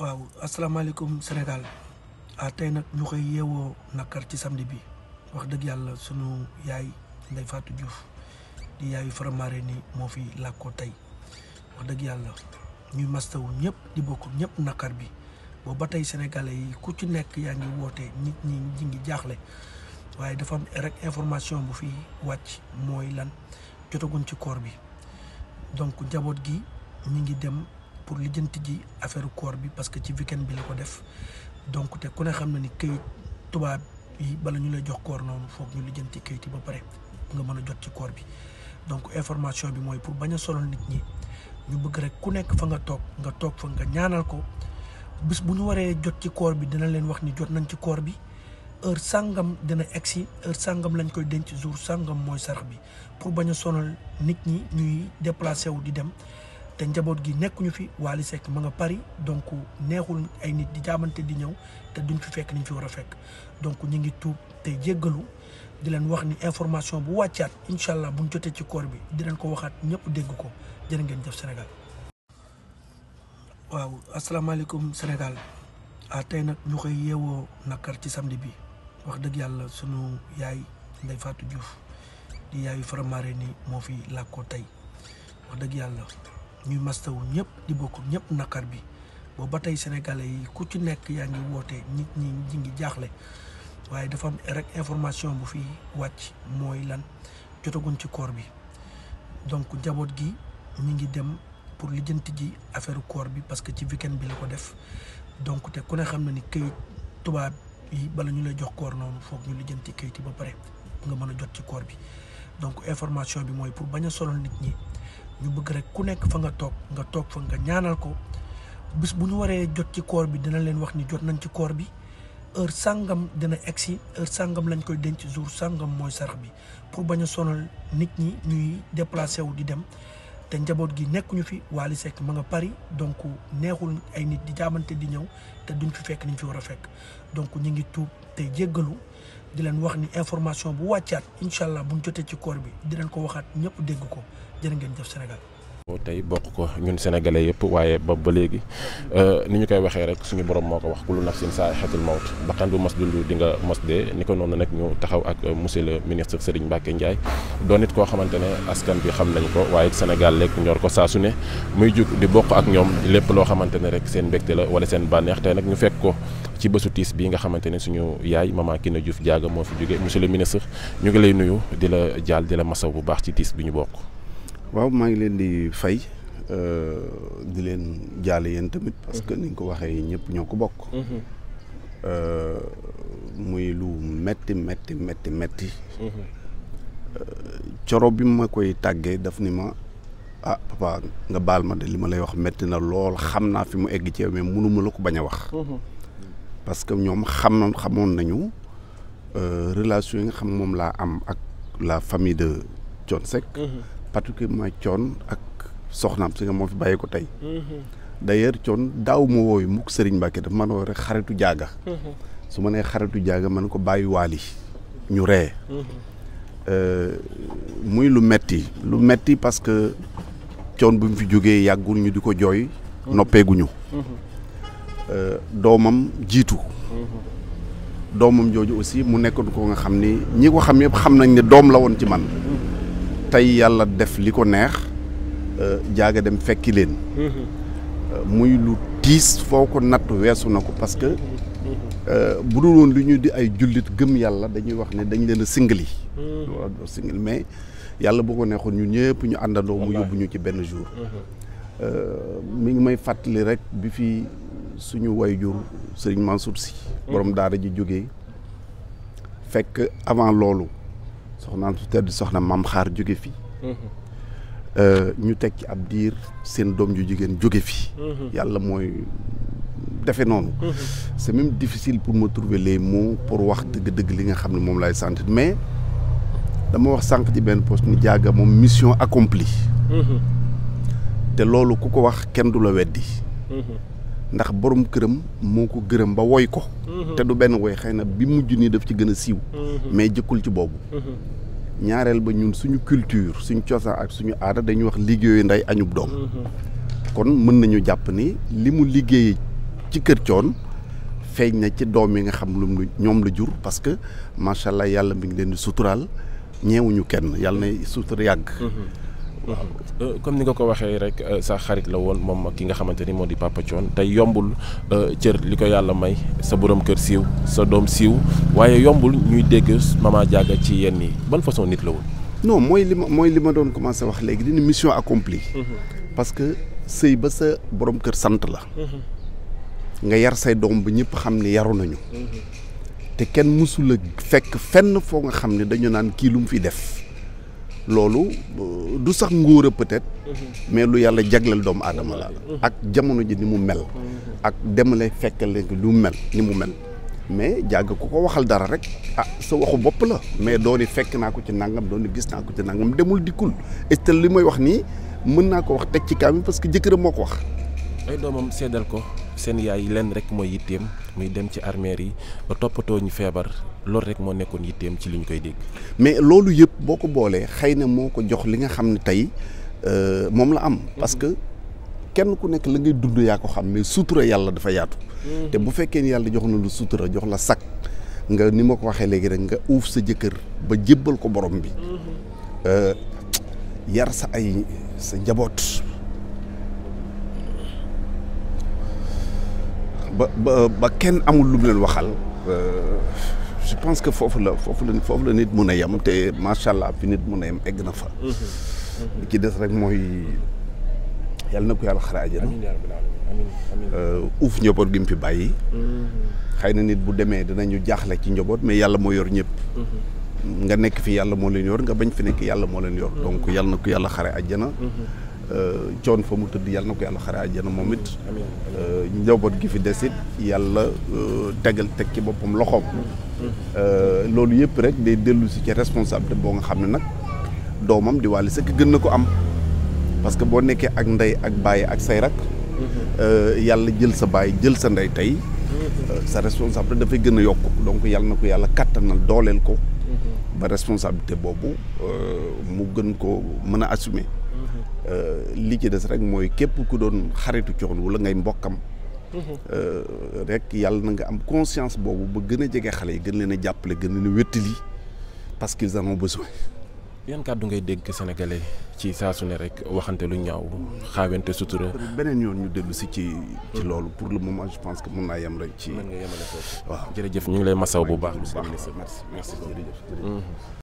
waaw asalaamaaleykum Sénégal ah tey nag ñu koy yeewoo nakar ci samedi bi wax dëgg yàlla suñu yaay Ndeye Fatou Diouf di yaayu Faramare ni moo fi làkkoo tey wax dëgg yàlla ñuy mastawu ñëpp di bokk ñëpp nakkar bi boobu ba tey sénégalais yi ku ci nekk yaa ngi woote nit ñi ñi ngi jaaxle waaye dafa am rek information bu fi wàcc mooy lan jotaguñ ci koor bi donc njaboot gi ñi ngi dem. pour lijjanti ji affaire koor bi parce que ci weekend bi la ko def donc te ku ne xam na ni këyit tubaab yi bala ñu lay jox koor noonu foog ñu lijjanti këyit ba pare nga mën a jot ci koor bi donc information bi mooy pour bañ a sonal nit ñi ñu bëgg rek ku nekk fa nga toog nga toog fa nga ñaanal ko bis bu ñu waree jot ci koor bi dina leen wax ni jot nañ ci koor bi heure sàngam dina egsi heure sàngam lañ koy denc jour sàngam mooy sarax bi pour bañ a sonal nit ñi ñuy déplacé wu di dem. te njaboot gi nekkuñu fi Wally Seck ma nga Paris donc neexul ay nit di jaamante di ñëw te duñ fi fekk niñ fi war a fekk donc ñu ngi tuub te jéggalu di leen wax ni information bu wàccaat incha allah buñ jotee ci koor bi di leen ko waxaat ñëpp dégg ko jërë ngeen jëf Sénégal. waaw asalaamaaleykum Sénégal ah tey nag ñu koy yeewoo nakar ci samdi bi wax dëgg yàlla suñu yaay Ndeye Fatou Diouf di yaayu Faramareen ni moo fi làkkoo tey wax dëgg yàlla. ñuy mastawu ñëpp di bokk ñëpp naqar bi boobu ba tey sénégalais yi ku ci nekk yaa ngi wootee nit ñi ñi ngi jaaxle waaye dafa am rek information bu fi wàcc mooy lan jotaguñ ci koor bi donc njaboot gi ñu ngi dem pour lijjanti ji affaire koor bi parce que ci weekend bi la ko def donc te ku ne xam na ni kayit tubaab yi bala ñu lay jox koor noonu foog ñu lijjanti kayit yi ba pare nga mën a jot ci koor bi donc information bi mooy pour bañ a solal nit ñi ñu bëgg rek ku nekk fa nga toog nga toog fa nga ñaanal ko bis bu ñu waree jot ci koor bi dina leen wax ni jot nañ ci koor bi heure sàngam dina egsi heure sàngam lañ koy denc jour sàngam mooy sarax bi pour bañ a sonal nit ñi ñuy déplacé wu di dem. te njaboot gi nekkuñu fi Wally Seck ma nga Paris donc neexul ay nit di jaamante di ñëw te duñ fi fekk niñ fi war a fekk donc ñu ngi tuub te jéggalu di leen wax ni information bu wàccaat incha allah buñ jotee ci koor bi di leen ko waxaat ñëpp dégg ko jërë ngeen jëf Sénégal tey bokk ko ñun sénégalais yëpp waaye ba ba léegi euh, ni ñu koy waxee rek suñu borom moo ko wax ku lu nag kullu nafsin zaa'iqatul mawt bakkan bu mos dund di nga mos dee ni ko noonu nag ñu taxaw ak euh, monsieur le ministre Serigne Mbacké Ndiaye doon nit koo xamante ne askan bi xam nañ ko waaye Sénégal lekk ñor ko saa su ne muy jug di bokk ak ñoom lépp loo xamante ne rek seen mbégte la wala seen bànneex tey nag ñu fekk ko ci bésu tiis bii nga xamante ne suñu yaay maman Kine Diouf Diaga moo fi jóge monsieur le ministre ñu ngi lay nuyu di la jaal di la masaw bu baax ci tiis bi ñu bokk waaw maa ngi leen di fay euh, di leen jaale yéen tamit. parce que mhm. ni nga ko waxee ñëpp ñoo ko bokk. Mhm. Euh, muy lu metti metti metti metti. Mhm. Euh, coro bi ma koy tàggee daf ni ma ah papa nga baal ma de li ma lay wax metti na lool xam naa fi mu egg ci yow mais mënuma la ko bañ a wax. parce que ñoom xam xamoon nañu relation yi nga xam moom laa am ak la famille de Thione Seck. particulièrement coon ak soxnaam si nga moo fi bàyyi ko tey mhm. d'ailleurs coon daaw ma wooyu mukk sëriñ Mbàkke dafa man woo rek xaritu jaaga mhm. su ma nee xaritu jaaga man ko bàyyi waali ñu ree mhm. euh, lu metti lu metti parce que coon bu fi jógee yàggul di ko jooy noppeeguñu euh, doomam jiitu doomam jooju aussi mu nekkoon ko nga xam ni ñi ko xam yëpp xam nañ ne doom la woon ci man tey yàlla def li ko neex euh, jaaga dem fekki leen mm-hmm. euh, muy lu tiis foo ko natt weesu na ko parce que euh, bu dul woon lu ñu di ay jullit gëm yàlla dañuy wax ne dañ leen a singali mm-hmm. mais yàlla boo ko neexoon ñu ñëpp ñu àndandoo mu yóbbu ñu ci benn jour mm-hmm. mi ngi may fàttali rek bi fi suñu wayjur Serigne Mansour si borom daara ji jóge fekk avant loolu soxnaam su tedd soxna maam xaar jóge fi mm-hmm. ñu teg ci ab diir seen doom ju jigéen jóge fi mm-hmm. yàlla mooy defe noonu mm-hmm. c'est même difficile pour ma trouver les mots pour wax dëgg-dëgg li nga xam ne moom laay sentir mais dama wax sànq ci benn poste mu jàgga moom mission accomplie te loolu ku ko wax kenn du la weddi ndax borom këram moo ko gërëm ba woy ko mhm. te du benn woy xëy na bi mujj nii daf ci gën a siiw mhm. mais jëkkul ci boobu mhm. ñaareel ba ñun suñu culture suñu cosaan ak suñu aada dañuy wax liggéeyu ndey añub doom kon mën nañu jàpp ni li mu liggéey ci kër coon feeñ na ci doom yi nga xam lu ñoom la jur parce que macha allah yàlla mi ngi leen di suturaal ñeewuñu kenn yàlla na sutura yàgg Euh, comme ni nga ko waxee rek euh, sa xarit la woon moom ki nga xamante ni moo di Papa Thione tey yombul euh, cër li ko yàlla may sa boroom kër siiw sa doom siiw waaye yombul ñuy dégg Mama Diaga ci yenn yi ban façon nit la woon. non mooy li ma mooy li ma doon commencé wax léegi dina mission accomplie. Mhm. parce que sëy ba sa borom kër sant la. Mhm. nga yar say doom ba ñëpp xam ni yaru nañu. Mhm. te kenn mësula fekk fenn foo nga xam ne dañu naan kii lu mu fi def. loolu euh, du sax nguur a peut-être mhm. mais lu yàlla jagleel doomu aadama la mhm. ak jamono ji ni mu mel mhm. ak dem lay fekkal leen lu mel ni mu mel mais jàgg ko ko waxal dara rek ah sa waxu bopp la mais dooni fekk naa ko ci nangam dooni gis naa ko ci nangam demul dikkul est li may wax nii mën naa ko wax teg ci kaam parce que jëkkëram moo ko wax ay doomam seddal ko seen yaay lenn rek mooy yitteem muy dem ci armeer yi ba toppatoo ñu feebar loolu rek moo nekkoon yitteem ci li ñu koy dégg. mais loolu yëpp boo ko boolee xëy na moo ko jox li nga xam ne tey euh, moom la am. parce que kenn ku nekk la ngay dund yaa ko xam mais sutura yàlla dafa yaatu. Mm. te bu fekkee ni yàlla jox na lu sutura jox la sakk nga ni ma ko waxee léegi rek nga uuf sa jëkkër ba jébbal ko borom bi. Mm-hmm. Euh, yar sa ay sa njaboot. ba ba kenn amul lu mu leen waxal euh, je pense que foofu la foofu la foofu la nit mun a yem te macha allah fi nit mun a yem egg na fa. Mhm. Mhm. li ci des rek mooy yàlla na ko yàlla xare àjjana. Euh, uuf njaboot gi mu fi bàyyi. Mhm. xëy na nit bu demee ñu jaaxle ci njaboot mais yàlla moo yor ñëpp. nga nekk fi yàlla moo leen yor nga bañ fi nekk yàlla moo leen yor. donc yàlla na ko yàlla xare àjjana. coon euh, fa mu tëdd yàlla na ko yàlla xare àjjana moom it euh, njaboot gi fi des it yàlla euh, tegal teg ci boppam loxoom loolu yëpp rek day dellu si ci responsabilité boo nga xam ne nag doomam di Wally Seck gën na ko am parce que boo nekkee ak ndey ak baay ak say rak mhm. yàlla jël sa baay jël sa ndey tey mhm. sa responsabilité dafay gën a yokk donc yàlla na ko yàlla kàttanal dooleel ko mhm. ba responsabilité boobu mu gën ko mën a assumer Euh, li ci des rek mooy képp ku doon xaritu coon wala ngay mbokkam euh, rek yàlla na nga am conscience boobu ba gën a jege xale yi gën leen a jàppale gën leen a wéttali parce qu'ils en ont besoin yan kàddu ngay dégg sénégalais ci saa su ne rek waxante lu ñaaw xaawente sutura beneen yoon ñu dellu si ci ci loolu pour le moment je pense que mën naa yem rek ci mën nga yemale ñu ngi lay masaw bu baax monsieur le ministre merci mm-hmm.